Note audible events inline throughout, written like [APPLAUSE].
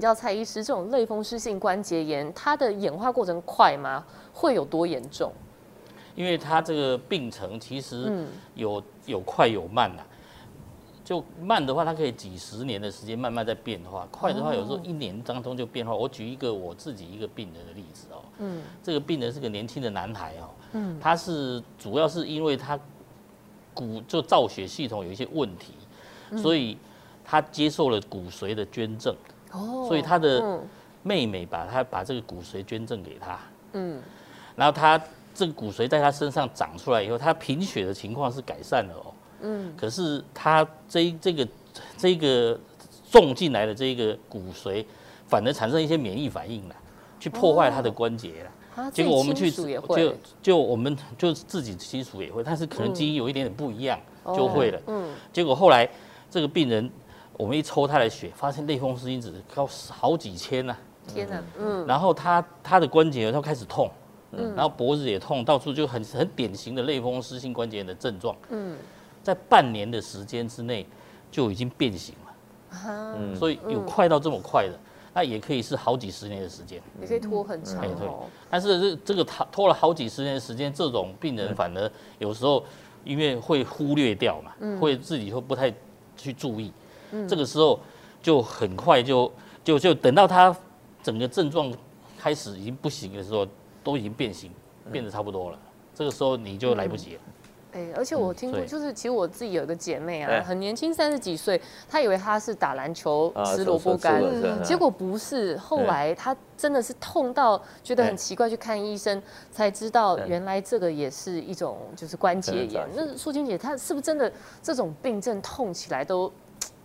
你叫蔡醫師，這種類風濕性關節炎，它的演化過程快嗎？會有多嚴重？因為它這個病程其實有、嗯、有快有慢、啊、就慢的話，它可以幾十年的時間慢慢在變化；快的話，有時候一年當中就變化。哦、我舉一個我自己一個病人的例子哦，嗯，這個病人是個年輕的男孩哦，嗯，他是主要是因為他骨就造血系統有一些問題，嗯、所以他接受了骨髓的捐贈。所以他的妹妹把他把這個骨髓捐贈給他，嗯，然後他這個骨髓在他身上長出來以後，他貧血的情況是改善了哦，嗯，可是他這這個這個種進來的這個骨髓，反而產生一些免疫反應了，去破壞他的關節了，結果我們去就就我們就自己親屬也會，但是可能基因有一點點不一樣就會了，嗯，結果後來這個病人，我們一抽他的血，發現類風濕因子高好幾千呢、啊！天哪，嗯，然後他他的關節都開始痛，嗯，然後脖子也痛，到處就很很典型的類風濕性關節炎的症狀，嗯，在半年的時間之內就已經變形了，嗯，所以有快到這麼快的，那也可以是好幾十年的時間，也可以拖很長、哦哎，對，但是這這個拖拖了好幾十年的時間，這種病人反而有時候因為會忽略掉嘛，嗯、會自己會不太去注意。嗯、這個時候就很快就就就等到他整個症狀開始已經不行的時候，都已經變形，變得差不多了。這個時候你就來不及了。嗯欸、而且我聽說，嗯、就是其實我自己有個姐妹啊，欸、很年輕，三十幾歲，她以為她是打籃球吃蘿蔔乾，結果不是。後來她真的是痛到覺得很奇怪，去看醫生、欸、才知道，原來這個也是一種就是關節炎。那素卿姐，她是不是真的這種病症痛起來都？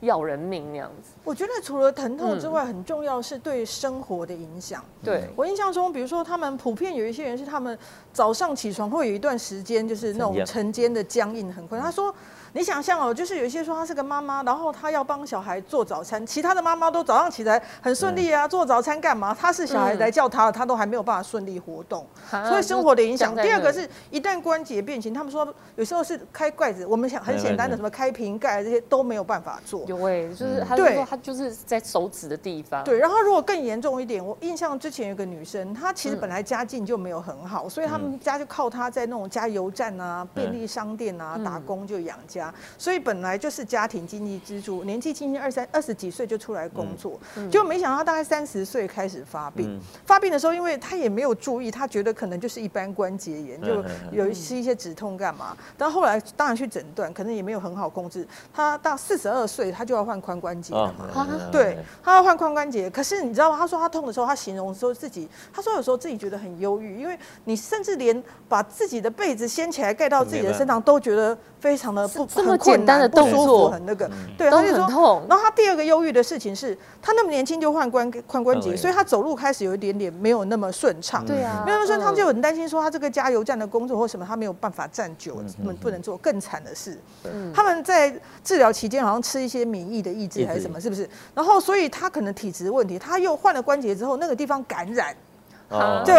要人命那樣子，我覺得除了疼痛之外，嗯、很重要是對生活的影響。對，我印象中，比如說他們普遍有一些人是他們早上起床會有一段時間，就是那種晨間的僵硬很困。嗯嗯、他說。你想象哦，就是有一些說她是個媽媽，然後她要幫小孩做早餐，其他的媽媽都早上起來很順利啊，對做早餐幹嘛？她是小孩來叫她，她、嗯、都還沒有辦法順利活動，啊、所以生活的影響。第二個是，一旦關節變形，他們說有時候是開蓋子，我們想很簡單的什麼開瓶蓋這些都沒有辦法做。對、欸，嗯、就是他就是，他就是在手指的地方。對，然後如果更嚴重一點，我印象之前有個女生，她其實本來家境就沒有很好，所以他們家就靠她在那種加油站啊、便利商店啊、嗯、打工就養家。所以本來就是家庭經濟支柱，年紀輕輕二三二十幾歲就出來工作，嗯嗯、就沒想到他大概三十歲開始發病。嗯、發病的時候，因為他也沒有注意，他覺得可能就是一般關節炎，嗯、就有一些一些止痛幹嘛。嗯、但後來當然去診斷，可能也沒有很好控制。他到四十二歲，他就要換髖關節了嘛？啊嗯、對，他要換髖關節。可是你知道嗎？他說他痛的時候，他形容的時候自己，他說有時候自己覺得很憂鬱，因為你甚至連把自己的被子掀起來蓋到自己的身上都覺得非常的不。這麼簡單的動作很,很那個，對，他就說，然後他第二個憂鬱的事情是他那麼年輕就換關換關節，哦、耶所以他走路開始有一點點沒有那麼順暢。對啊、嗯，沒有那麼順暢，嗯、他們就很擔心說他這個加油站的工作或什麼他沒有辦法站久，嗯、哼哼不能做。更慘的事、嗯、他們在治療期間好像吃一些免疫的抑制還是什麼，是不是？思然後所以他可能體質問題，他又換了關節之後那個地方感染。啊、就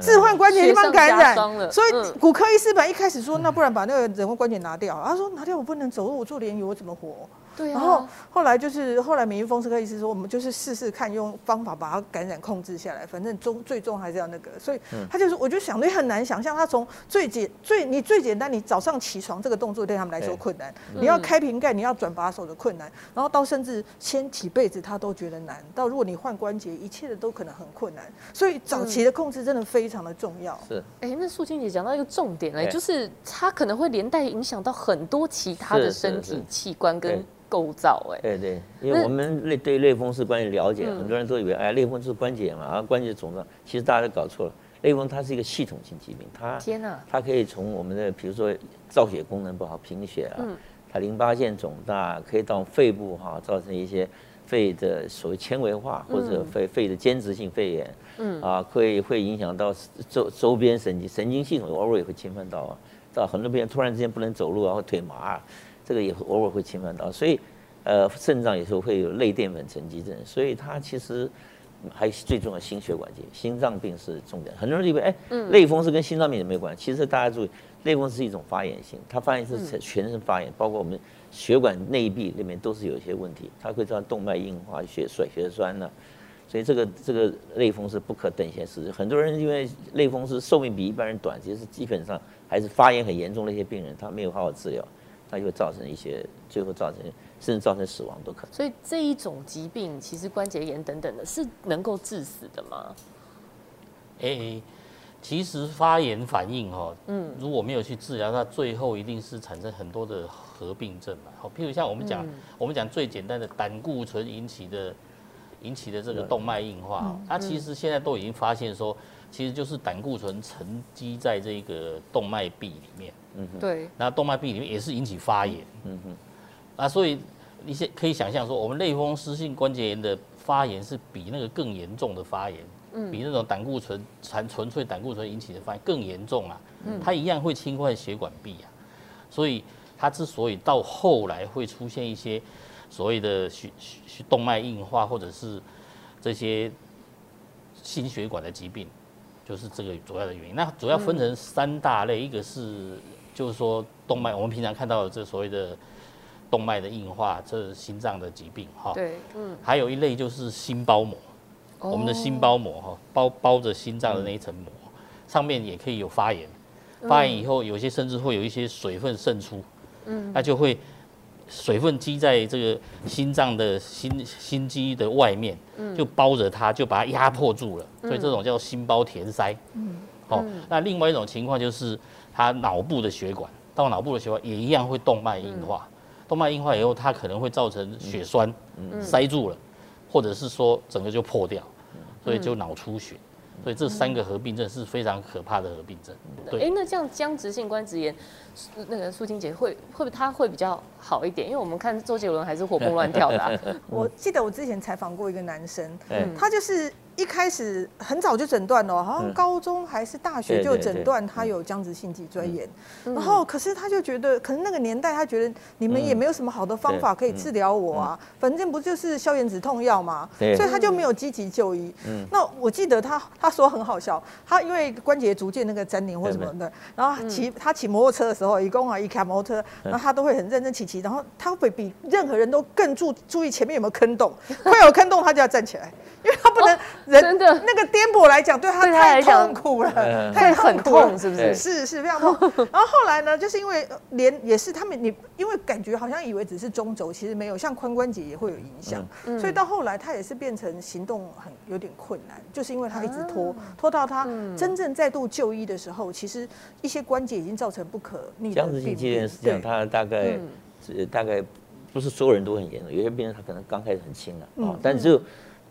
置換關節地方感染，所以骨科醫師本來一開始說，那不然把那個人工關節拿掉。他說，拿掉我不能走路，我做連員我怎麼活？對啊、然後後來就是後來，明玉峰是可以意思說，我們就是試試看用方法把它感染控制下來，反正終最終還是要那個。所以他就是，我就想你很難想象，他從最簡最你最簡單，你早上起床這個動作對他們來說困難，你要開瓶蓋，你要轉把手的困難，然後到甚至掀起被子他都覺得難，到如果你換關節，一切的都可能很困難。所以早期的控制真的非常的重要是。是。哎，那素卿姐講到一個重點嘞，就是他可能會連帶影響到很多其他的身體器官跟。構造哎、欸，對對，因為我們對內對類風濕關節了解，那很多人都以為哎，類風濕關節炎嘛，關節腫脹，其實大家都搞錯了，類風濕它是一個系統性疾病，它天、啊、它可以從我們的比如說造血功能不好貧血啊，它、嗯、淋巴腺腫大，可以到肺部哈、啊，造成一些肺的所謂纖維化或者肺肺的間質性肺炎，嗯啊，會會影響到周周邊神經神經系統偶爾也會侵犯到、啊，到很多病人突然之間不能走路啊，然後腿麻、啊。這個也偶爾會侵犯到，所以，呃，腎臟有時候會有類澱粉沉積症，所以它其實還最重要是心血管疾病，心臟病是重點。很多人以為，哎，嗯、類風濕跟心臟病也沒關係。其實大家注意，類風濕是一種發炎性，它發炎是全身發炎，嗯、包括我們血管內壁裡面都是有一些問題，它會造成動脈硬化血、血栓、血栓呢、啊。所以這個這個類風濕不可等閒視之。很多人因為類風濕壽命比一般人短，其實基本上還是發炎很嚴重的一些病人，他沒有好好治療。它就會造成一些，最後造成甚至造成死亡都可能。所以這一種疾病，其實關節炎等等的，是能夠致死的嗎？哎、欸，其實發炎反應哈、喔，嗯，如果沒有去治療，它最後一定是產生很多的合併症嘛。好，譬如像我們講，嗯、我們講最簡單的膽固醇引起的引起的這個動脈硬化、喔，它、嗯啊、其實現在都已經發現說，其實就是膽固醇沉積在這個動脈壁裡面。嗯，對，那動脈壁裡面也是引起發炎，嗯嗯哼啊，所以一些可以想象說，我們類風濕性關節炎的發炎是比那個更嚴重的發炎，嗯，比那種膽固醇純純粹膽固醇引起的發炎更嚴重啊，嗯，它一樣會侵犯血管壁啊，嗯、所以它之所以到後來會出現一些所謂的血血，血動脈硬化或者是這些心血管的疾病，就是這個主要的原因。那主要分成三大類，嗯、一個是。就是說動脈，我們平常看到的這所謂的動脈的硬化，這心臟的疾病，哈，對，嗯，還有一類就是心包膜，哦、我們的心包膜，哈，包包着心臟的那一層膜，嗯、上面也可以有發炎，發炎以後，有些甚至會有一些水分滲出，嗯，那就會水分積在這個心臟的心心肌的外面，嗯，就包着它，就把它壓迫住了，所以這種叫心包填塞，嗯，嗯，好、哦，那另外一種情況就是。他腦部的血管，到腦部的血管也一樣會動脈硬化，嗯、動脈硬化以後，它可能會造成血栓，塞住了，嗯嗯、或者是說整個就破掉，所以就腦出血。嗯嗯、所以這三個合併症是非常可怕的合併症。嗯嗯、對，哎、欸，那這樣僵直性關節炎，那個素卿姐會會不會他會比較好一點？因為我們看周杰倫還是活蹦亂跳的、啊。 [LAUGHS] 我記得我之前採訪過一個男生，欸、他就是。一開始很早就診斷了，好像高中還是大學就診斷他有僵直性脊椎炎，嗯、對對對，然後可是他就覺得，可是那個年代他覺得你們也沒有什麼好的方法可以治療我啊，嗯嗯、反正不就是消炎止痛藥嘛，對所以他就沒有積極就醫。嗯、那我記得他他說很好笑，他因為關節逐漸那個沾黏或什麼的，然後騎他騎摩托車的時候，一共啊一開摩托車，然後他都會很認真騎騎，然後他會比任何人都更注注意前面有沒有坑洞，會有坑洞他就要站起來，因為他不能。哦真的那個顛簸來講，對他太痛苦了，太痛苦痛，是不是？是是非常痛。然後後來呢，就是因為連也是他們，你因為感覺好像以為只是中軸，其實沒有，像髖關節也會有影響，所以到後來他也是變成行動很有點困難，就是因為他一直拖，拖到他真正再度就醫的時候，其實一些關節已經造成不可逆。姜子敬今天是講他大概，大概不是所有人都很嚴重，有些病人他可能剛開始很輕啊，但只有。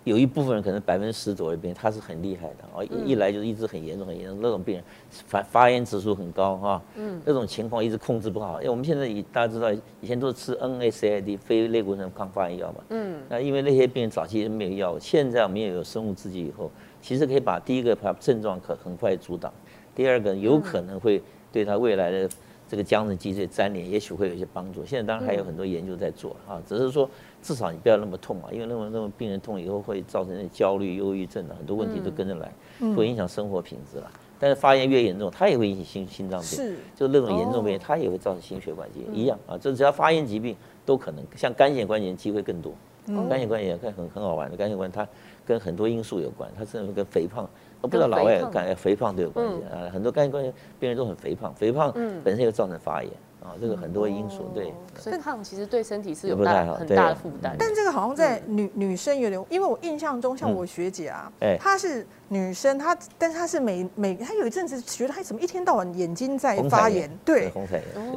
有一部分人可能百分之十左右的病人，他是很厲害的哦，一來就是一直很嚴重，嗯、很嚴重那種病人發，發發炎指數很高哈，啊、嗯，那種情況一直控制不好。因、哎、為我們現在以大家知道，以前都是吃 NSAID 非類固醇抗發炎藥嘛，嗯，那因為那些病人早期沒有藥物，現在我們也有生物製劑以後，其實可以把第一個症狀可很快阻擋，第二個有可能會對他未來的這個僵硬、脊椎粘連，也許會有一些幫助。現在當然還有很多研究在做哈、啊，只是說。至少你不要那麼痛嘛、啊，因為那麼那麼病人痛以後會造成焦慮、憂鬱症的、啊、很多問題都跟着來，嗯嗯、會影響生活品質了。但是發炎越嚴重，它也會引起心心臟病，是，就是那種嚴重病、哦、它也會造成心血管疾病一樣、嗯、啊。就只要發炎疾病都可能，像乾癬性關節炎機會更多。嗯、乾癬性關節炎看很很好玩的乾癬性關節炎，它跟很多因素有關，它甚至跟肥胖，我不知道老外跟肥胖都有關係啊。很多乾癬性關節病人都很肥胖，肥胖本身也會造成發炎。嗯嗯啊，這個很多因素對，所以他們其實對身體是有很大的負擔。但這個好像在女女生有點，因為我印象中像我學姐啊，她是女生，她但是她是每每她有一陣子覺得她怎麼一天到晚眼睛在發炎，對，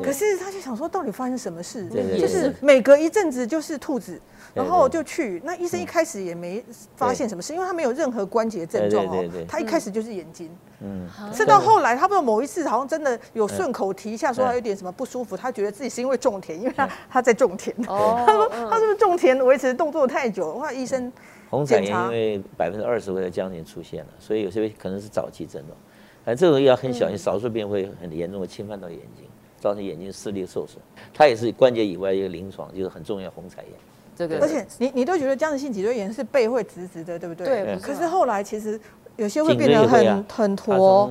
可是她就想說到底發生什麼事，就是每隔一陣子就是兔子。然後就去那醫生一開始也沒發現什麼事，因為他沒有任何關節症狀哦。他一開始就是眼睛，嗯，直到後來他不知道某一次好像真的有順口提一下說他有點什麼不舒服，他覺得自己是因為種田，因為他他在種田，他說他是不是種田維持動作太久？哇，醫生，虹彩炎因為百分之二十會在將近出現了，所以有些可能是早期症狀，但這個要很小心，少數病會很嚴重的侵犯到眼睛，造成眼睛視力受損。他也是關節以外一個臨床就是很重要虹彩炎。而且你你都覺得僵直性脊椎炎是背會直直的，對不對？對。可是後來其實有些會變得很很駝，哦，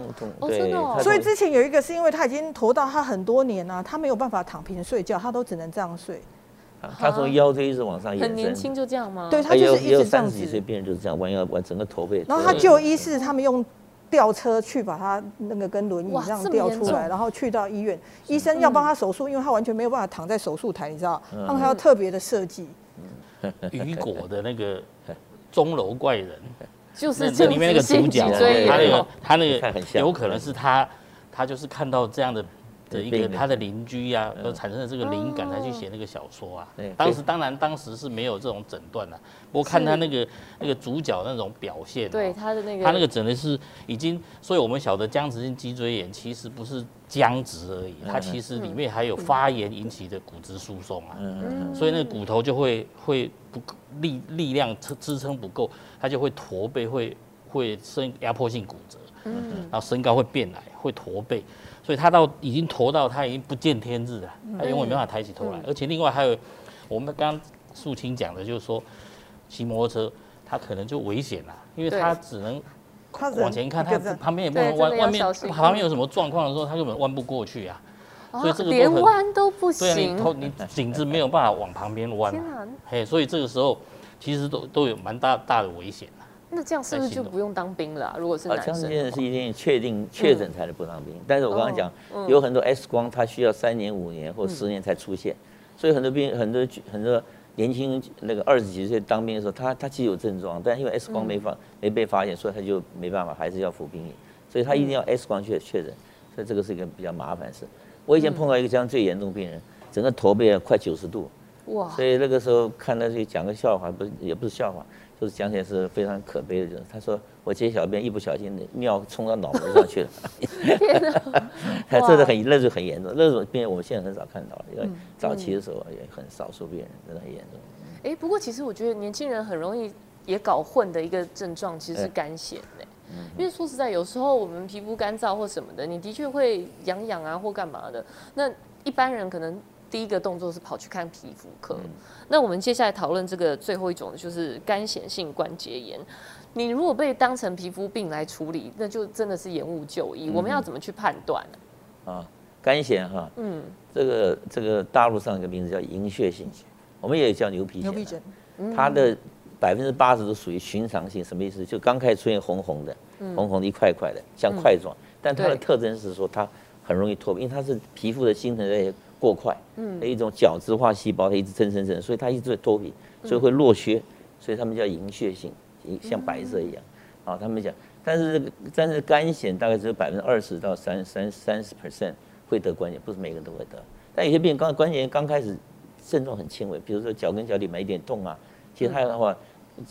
真的。所以之前有一個是因為他已經駝到他很多年了，他沒有辦法躺平睡覺，他都只能這樣睡。他從腰椎一直往上延伸，很年輕就這樣嗎？對，他就是一直這樣子。脊椎病人就是這樣彎腰彎整個駝背。然後他就醫是他們用吊車去把他那個跟輪椅這樣吊出來，然後去到醫院，醫生要幫他手術，因為他完全沒有辦法躺在手術台，你知道，他們還要特別的設計。雨果的那個鐘樓怪人，就是那裡面那個主角對，他那個他那個有可能是他，他就是看到這樣的的一個他的鄰居呀，都產生了這個靈感才去寫那個小說啊。當時當然當時是沒有這種診斷的，不過看他那個那個主角那種表現，對他的那個他那個整個，是已經，所以我們曉得僵直性脊椎炎其實不是，僵直而已，它其實裡面還有發炎引起的骨質疏鬆啊，嗯嗯、所以那個骨頭就會會不力力量支支撐不夠，它就會駝背，會會生壓迫性骨折，然後身高會變矮，會駝背，所以它到已經駝到它已經不見天日了，它永遠沒辦法抬起頭來，嗯嗯、而且另外還有我們剛剛素卿講的，就是說騎摩托車它可能就危險了，因為它只能。往前看，他旁邊也不能彎，啊、外面旁邊有什麼狀況的時候，他根本彎不過去啊。哦、所以這個連彎都不行。對啊，你頭你頸子沒有辦法往旁邊彎。嘿、啊，hey, 所以這個時候其實都都有蠻大大的危險、啊、那這樣是不是就不用當兵了啊？如果是那、啊、是一定確定確診才能不當兵。嗯、但是我剛剛講，嗯、有很多 X 光，它需要三年、五年或十年才出現，嗯、所以很多病很多很多。很多年輕那個二十幾歲當兵的時候，他他既有症狀，但因為 X 光沒發、嗯、沒被發現，所以他就沒辦法，還是要服兵役，所以他一定要 X 光確確認，所以這個是一個比較麻煩事。我以前碰到一個這樣最嚴重的病人，整個駝背快九十度，哇！所以那個時候看那些講個笑話，不也不是笑話。就是講起來是非常可悲的，就是他說我解小便一不小心的尿衝到腦門上去了、 [LAUGHS] 啊，真的，這是很，哇那是很嚴重，那種病我們現在很少看到了，因為早期的時候也很少數病人真的很嚴重。哎、嗯嗯欸，不過其實我覺得年輕人很容易也搞混的一個症狀其實是乾癬、欸。欸嗯、因為說實在，有時候我們皮膚乾燥或什麼的，你的確會癢癢啊或幹嘛的，那一般人可能。第一個動作是跑去看皮膚科。嗯、那我們接下來討論這個最後一種，就是乾癬性關節炎。你如果被當成皮膚病來處理，那就真的是延誤就醫。嗯、哼我們要怎麼去判斷呢？啊，乾癬、啊、哈，嗯、這個，這個這個大陸上一個名字叫銀屑性，我們也有叫牛皮癬。牛皮癬它的百分之八十都屬於尋常性，什麼意思？就剛開始出現紅紅的，嗯、紅紅的一塊塊的，像塊狀。嗯、但它的特徵是說，它很容易脫皮，因為它是皮膚的新陳代謝過快，嗯，那一種角質化細胞它一直增生增生，所以它一直在脫皮，所以會落屑，嗯、所以他們叫銀屑性，像白色一樣，啊、嗯哦，他們講，但是但是乾癬大概只有百分之二十到三三三十 percent 會得關節，不是每個人都會得，但有些病剛關節炎剛開始症狀很輕微，比如說腳跟腳底沒一點痛啊，其實他的話，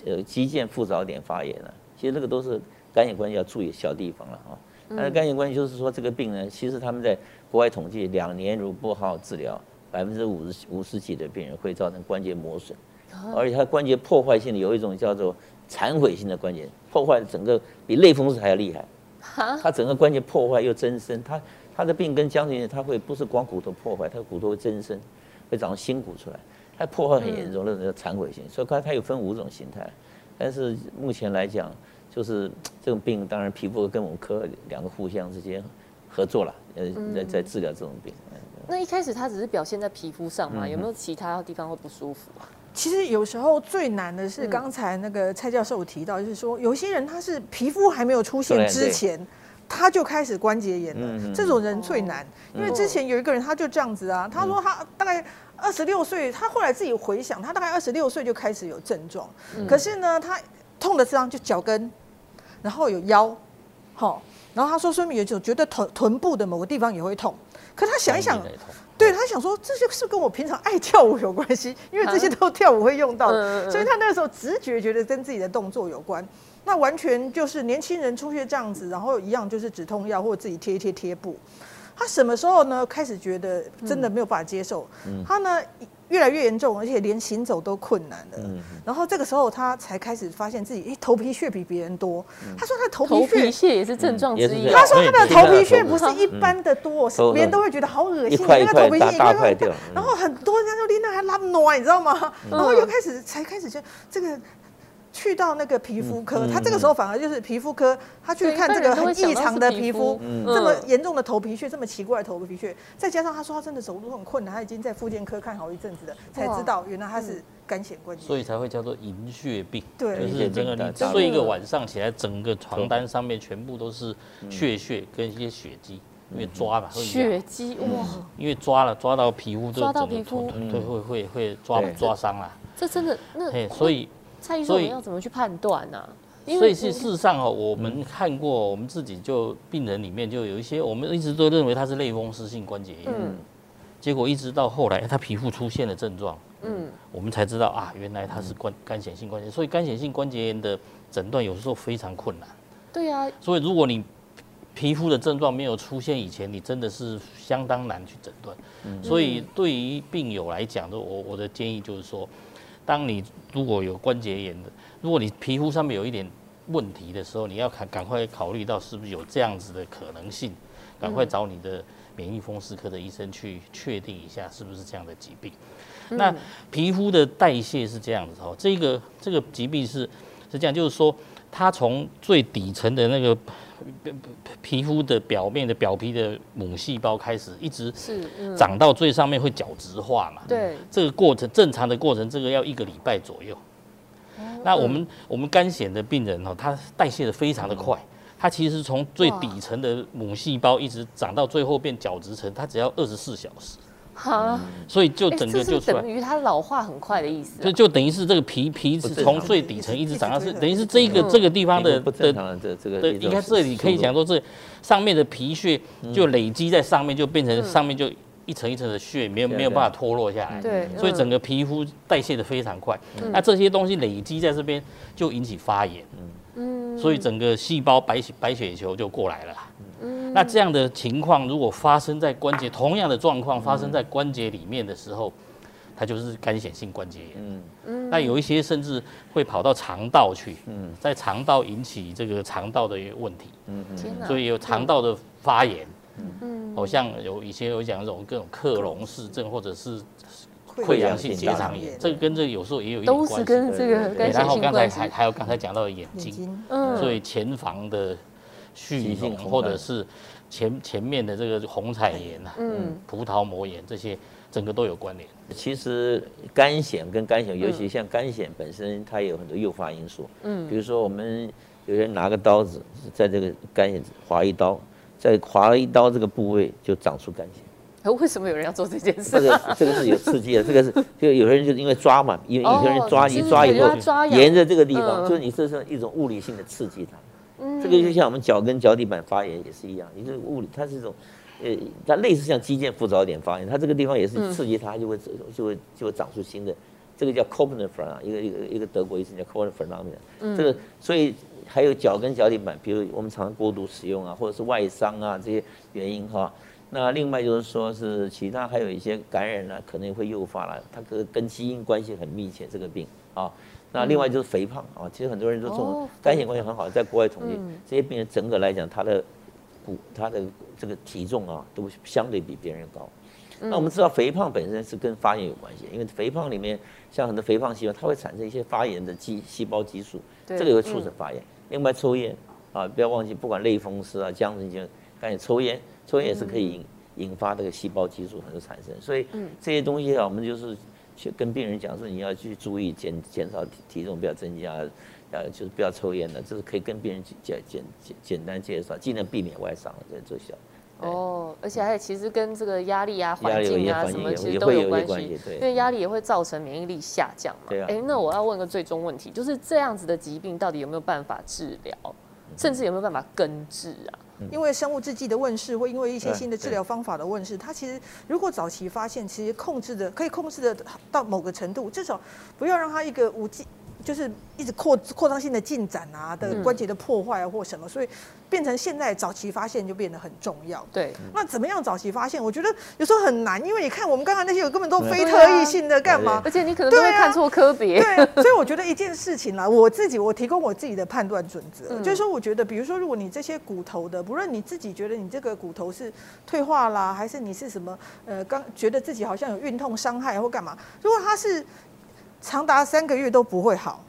嗯、呃，肌腱附着點發炎了，啊，其實這個都是乾癬關節要注意小地方了啊。哦但是乾癬性關節炎就是說，這個病呢，其實他們在國外統計，兩年如不好好治療，百分之五十五十幾的病人會造成關節磨損，哦、而且他關節破壞性的有一種叫做殘毀性的關節破壞，整個比類風濕還要厲害。啊、哦！他整個關節破壞又增生，他他的病跟將近，他會不是光骨頭破壞，他的骨頭會增生，會長新骨出來，他破壞很嚴重、嗯、那種叫殘毀性，所以它它有分五種形態，但是目前來講。就是這種病，當然皮膚跟我們科兩個互相之間合作了，呃、嗯嗯，在在治療這種病。那一開始他只是表現在皮膚上嗎？嗯嗯，有沒有其他地方會不舒服啊？其實有時候最難的是，剛才那個蔡教授有提到，就是說、嗯、有些人他是皮膚還沒有出現之前，他就開始關節炎了。嗯嗯嗯，這種人最難，哦、因為之前有一個人他就這樣子啊，嗯、他說他大概二十六歲，他後來自己回想，他大概二十六歲就開始有症狀，嗯、可是呢，他痛的地方就腳跟。然後有腰，好、哦，然後他說說明有種覺得臀臀部的某個地方也會痛，可是他想一想，對，他想說這就是跟我平常愛跳舞有關係，因為這些都跳舞會用到，所以他那個時候直覺覺得跟自己的動作有關，那完全就是年輕人出現這樣子，然後一樣就是止痛藥或者自己貼一貼貼布，他什麼時候呢，開始覺得真的沒有辦法接受，他呢？越來越嚴重，而且連行走都困難了，嗯、然後這個時候，他才開始發現自己，哎，欸，頭皮屑比別人多。嗯，他說他的頭皮屑，頭皮屑也是症狀之一。嗯，他說他的頭皮屑不是一般的多，別、嗯、人都會覺得好噁心。那個頭皮屑一塊一塊，你看看，嗯、然後很多人家說麗娜還拉 no，你知道嗎？嗯、然後又開始才開始就這個。.去到那個皮膚科，他這個時候反而就是皮膚科，他去看這個很異常的皮膚，這麼嚴重的頭皮屑，這麼奇怪的頭皮屑，再加上他說他真的走路很困難，他已經在復健科看好一陣子了，才知道原來他是乾癬關節，所以才會叫做銀屑病。對，就是眼睛跟睡一個晚上起來，整個床單上面全部都是血屑跟一些血跡，因為抓了。血跡哇！因為抓了抓到皮膚就整個皮膚都會會會抓抓傷了。這真的那所以。所以要怎麼去判斷呢、啊？所以是事實上哦，我們看過我們自己就病人裡面就有一些，我們一直都認為他是類風濕性關節炎，嗯、結果一直到後來他皮膚出現了症狀，嗯，我們才知道啊，原來他是乾乾癬性關節炎。嗯、所以乾癬性關節炎的診斷有時候非常困難。對啊。所以如果你皮膚的症狀沒有出現以前，你真的是相當難去診斷。嗯、所以對於病友來講的，我我的建議就是說。當你如果有關節炎的，如果你皮膚上面有一點問題的時候，你要趕趕快考慮到是不是有這樣子的可能性，趕快找你的免疫風濕科的醫生去確定一下是不是這樣的疾病。嗯嗯，那皮膚的代謝是這樣子哦，這個這個疾病是是這樣，就是說它從最底層的那個。皮皮膚的表面的表皮的母細胞開始一直長到最上面會角質化嘛？對，這個過程，正常的過程，這個要一個禮拜左右。嗯、那我們我們乾癬的病人哦、喔，他代謝的非常的快，嗯、他其實從最底層的母細胞一直長到最後變角質層，他只要二十四小時。好，所以就整個就等於它老化很快的意思，就就等於是這個皮皮是從最底層一直長到，是等於是這個這個地方的的，對，應該這裡可以講說這上面的皮屑就累積在上面，就變成上面就一層一層的屑，沒有沒有辦法脫落下來，對，所以整個皮膚代謝得非常快，那這些東西累積在這邊就引起發炎，嗯，所以整個細胞白血白血球就過來了。那這樣的情況，如果發生在關節，同樣的狀況發生在關節裡面的時候，它就是乾癬性關節炎。嗯嗯，那有一些甚至會跑到腸道去，嗯，在腸道引起這個腸道的一個問題。嗯嗯，所以有腸道的發炎，嗯嗯，好像有以前有講這種各種克隆氏症，或者是潰瘍性結腸炎，這個跟這個有時候也有一點關係。然後剛才還還有剛才講到的眼睛，所以前房的。血性，或者是前前面的這個虹彩炎吶，嗯，葡萄膜炎這些，整個都有關聯。其實乾癬跟乾癬，尤其像乾癬本身，嗯、它有很多誘發因素，嗯，比如說我們有人拿個刀子在這個乾癬劃一刀，在劃一刀這個部位就長出乾癬。哎，為什麼有人要做這件事？啊。這個這個是有刺激的，這個是就有些人就是因為抓嘛，哦、因為有些人抓一抓以後，抓沿着這個地方，嗯、就是你這是一種物理性的刺激它。這個就像我們腳跟腳底板發炎也是一樣，你這物理它是一種，呃，它類似像肌腱附着點發炎，它這個地方也是刺激它就會就會就會長出新的，嗯、這個叫 callus f r o n c e 一個一個一個德國醫生叫 callus f u r o n c l 這個，所以還有腳跟腳底板，比如我們常常過度使用啊，或者是外傷啊這些原因哈、啊，那另外就是說是其他還有一些感染呢、啊，可能也會誘發了，它跟跟基因關係很密切這個病啊。那另外就是肥胖啊，嗯、其實很多人都這種乾癬關係很好，哦、在國外統計，嗯、這些病人整個來講，他的骨、他的這個體重啊，都相對比別人高。嗯、那我們知道肥胖本身是跟發炎有關係，因為肥胖裡面像很多肥胖細胞，它會產生一些發炎的基細、細胞激素，對這個也會促使發炎。嗯、另外抽煙啊，不要忘記，不管類風濕啊、僵城炎，乾癬抽煙，抽煙也是可以引、嗯、引發這個細胞激素很多產生。所以這些東西啊，我們就是。去跟病人講說，你要去注意減減少體體重，不要增加，呃，就是不要抽煙的。這、就是可以跟病人簡簡簡單介紹，盡量避免外傷來做小。哦，而且還有，其實跟這個壓力啊、環境啊什麼，其實都有關係。對，因為壓力也會造成免疫力下降嘛。對啊。哎、欸，那我要問個最終問題，就是這樣子的疾病到底有沒有辦法治療，甚至有沒有辦法根治啊？因為生物製劑的問世，會因為一些新的治療方法的問世，它其實如果早期發現，其實控制的可以控制的到某個程度，至少不要讓它一個無機。就是一直擴擴張性的進展啊的關節的破壞啊，或什麼，所以變成現在早期發現就變得很重要。對，那怎麼樣早期發現？我覺得有時候很難，因為你看我們剛剛那些有根本都非特異性的，幹嘛？而且你可能都會看錯科別。對啊，所以我覺得一件事情啦，我自己我提供我自己的判斷準則，就是說我覺得，比如說如果你這些骨頭的，不論你自己覺得你這個骨頭是退化啦，還是你是什麼呃，剛覺得自己好像有運動傷害或幹嘛，如果它是。長達三個月都不會好，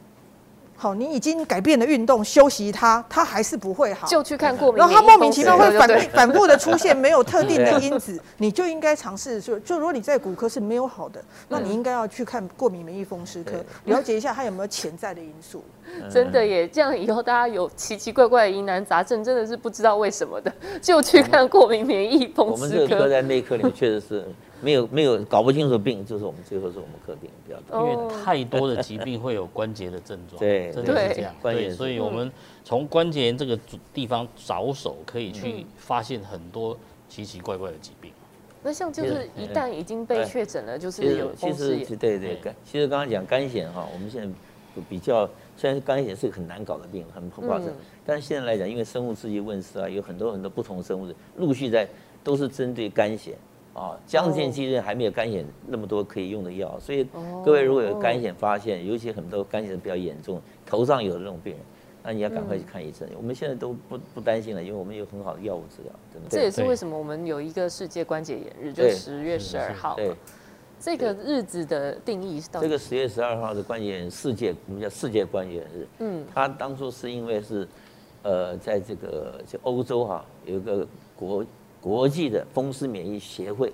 好，你已經改變了運動、休息它，它它還是不會好，就去看過敏免疫風濕科。然後它莫名其妙會反反覆的出現，沒有特定的因子， [LAUGHS] 你就應該嘗試說，就如果你在骨科是沒有好的，那你應該要去看過敏免疫風濕科，嗯、了解一下它有沒有潛在的因素。真的耶，這樣以後大家有奇奇怪怪的疑難雜症，真的是不知道為什麼的，就去看過敏免疫風濕科。我,我們這個科在內科裡面確實是。 [LAUGHS] 沒有沒有搞不清楚病，就是我們最後是我們科病比較多，因為太多的疾病會有關節的症狀，對真的是這樣。對,關節對，所以我們從關節炎這個地方着手，可以去發現很多奇奇怪怪的疾病。嗯、那像就是一旦已經被確診了，實就是其實有其實對對其實剛才講乾癬哈，我們現在比較雖然乾癬是很難搞的病，很不怕生、嗯、但是現在來講，因為生物製劑問世啊，有很多很多不同生物的陸續在都是針對乾癬。啊、哦，將近幾十年還沒有乾癬，那麼多可以用的藥，oh. 所以各位如果有乾癬發現，oh. 尤其很多乾癬比較嚴重，頭上有這種病人，那你要趕快去看醫生。嗯、我們現在都不不擔心了，因為我們有很好的藥物治療。對對，這也是為什麼我們有一個世界關節炎日，就十月十二號。對，對這個日子的定義是到底這個十月十二號的關節炎日世界，我們叫世界關節炎日。嗯，它當初是因為是，呃，在這個就歐洲哈、啊、有一個國。國際的風濕免疫協會，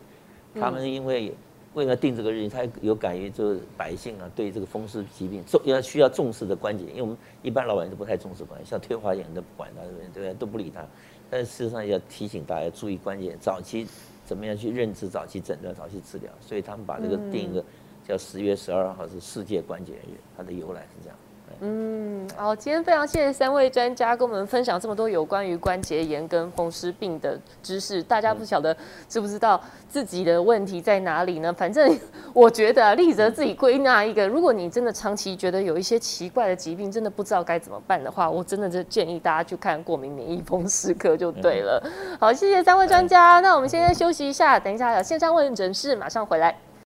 嗯、他們因為為了定這個日期，他有感於就是百姓啊，對這個風濕疾病重要需要重視的關節，因為我們一般老百姓都不太重視關節，像退化性關節炎都不管它，對不對？都不理他。但是事實上要提醒大家注意關節，早期怎麼樣去認知早、早期診斷、早期治療。所以他們把這個定一個叫十月十二號是世界關節日，嗯、它的由來是這樣。嗯，好，今天非常謝謝三位專家跟我們分享這麼多有關於關節炎跟風濕病的知識。大家不曉得知不知道自己的問題在哪裡呢？反正我覺得立喆自己歸納一個，如果你真的長期覺得有一些奇怪的疾病，真的不知道該怎麼辦的話，我真的就建議大家去看過敏免疫風濕科就對了。好，謝謝三位專家，對那我們先休息一下，等一下有線上問診室馬上回來。